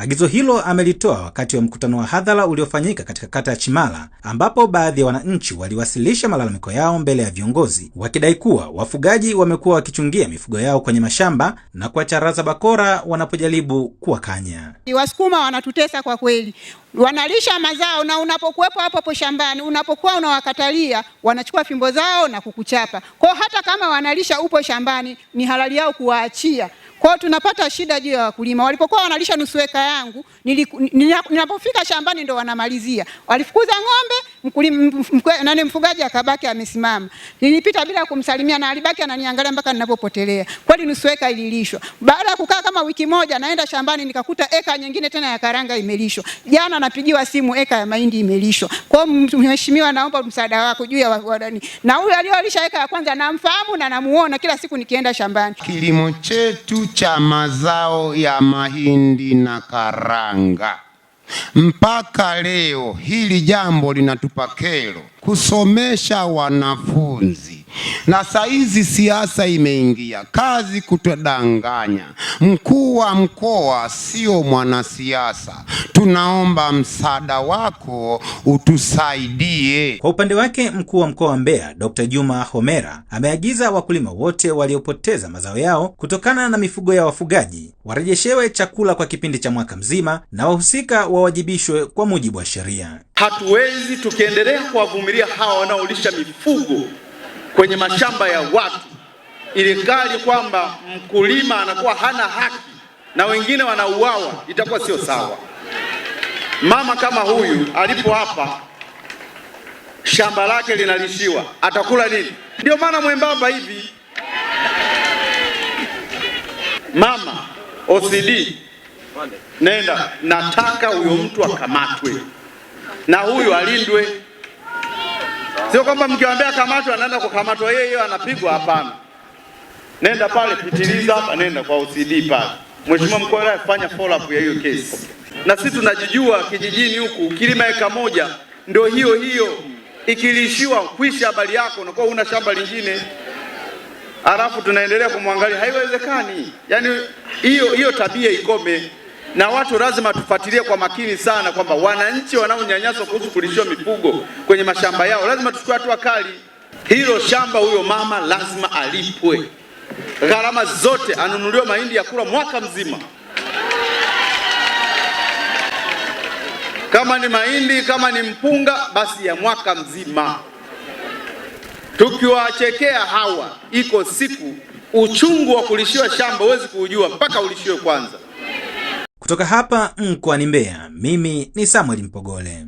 Agizo hilo amelitoa wakati wa mkutano wa hadhara uliofanyika katika kata ya Chimala, ambapo baadhi ya wananchi waliwasilisha malalamiko yao mbele ya viongozi, wakidai kuwa wafugaji wamekuwa wakichungia mifugo yao kwenye mashamba na kuwacharaza bakora wanapojaribu kuwakanya. Wasukuma wanatutesa kwa kweli, wanalisha mazao na unapokuwepo hapo hapo shambani, unapokuwa unawakatalia, wanachukua fimbo zao na kukuchapa kwao. Hata kama wanalisha upo shambani, ni halali yao kuwaachia kwa tunapata shida juu ya wakulima. Walipokuwa wanalisha nusu eka yangu, nilipofika shambani ndo wanamalizia. Walifukuza ng'ombe mkulima nani, mfugaji akabaki amesimama. Nilipita bila kumsalimia na alibaki ananiangalia mpaka ninapopotelea. Kweli nusu eka ililishwa. Baada ya kukaa kama wiki moja, naenda shambani nikakuta eka nyingine tena ya karanga imelishwa. Jana napigiwa simu, eka ya mahindi imelishwa. Kwa mheshimiwa, naomba msaada wako juu ya wadani. Na huyu aliyolisha eka ya kwanza namfahamu na namuona kila siku nikienda shambani. Kilimo chetu cha mazao ya mahindi na karanga mpaka leo hili jambo linatupa kero kusomesha wanafunzi na saizi siasa imeingia kazi kutodanganya. Mkuu wa mkoa sio mwanasiasa, tunaomba msaada wako utusaidie. Kwa upande wake, mkuu wa mkoa wa Mbeya Dr. Juma Homera ameagiza wakulima wote waliopoteza mazao yao kutokana na mifugo ya wafugaji warejeshewe chakula kwa kipindi cha mwaka mzima na wahusika wawajibishwe kwa mujibu wa sheria. Hatuwezi tukiendelea kuwavumilia hawa wanaolisha mifugo kwenye mashamba ya watu, ili kwamba mkulima anakuwa hana haki na wengine wanauawa, itakuwa sio sawa. Mama kama huyu alipo hapa, shamba lake linalishiwa, atakula nini? Ndio maana mwembamba hivi. Mama OCD, nenda, nataka huyo mtu akamatwe na huyu alindwe. Sio kwamba mkiwaambia kamatwa anaenda kukamatwa yeye yeye anapigwa, hapana. Nenda pale pitiliza hapa, nenda kwa OCD pale. Mheshimiwa mkuu wa wilaya, fanya follow up ya hiyo kesi. Na sisi tunajijua kijijini huku, kilima eka moja ndio hiyo hiyo, ikilishiwa kwisha habari yako, unakuwa una shamba lingine, alafu tunaendelea kumwangalia. Haiwezekani, yaani hiyo hiyo tabia ikome na watu lazima tufuatilie kwa makini sana kwamba wananchi wanaonyanyaswa kuhusu kulishiwa mifugo kwenye mashamba yao, lazima tuchukue hatua kali. Hilo shamba huyo mama lazima alipwe gharama zote, anunuliwe mahindi ya kula mwaka mzima, kama ni mahindi, kama ni mpunga, basi ya mwaka mzima. Tukiwachekea hawa, iko siku uchungu wa kulishiwa shamba huwezi kuujua mpaka ulishiwe kwanza. Kutoka hapa mkoani Mbeya, mimi ni Samwel Mpogole.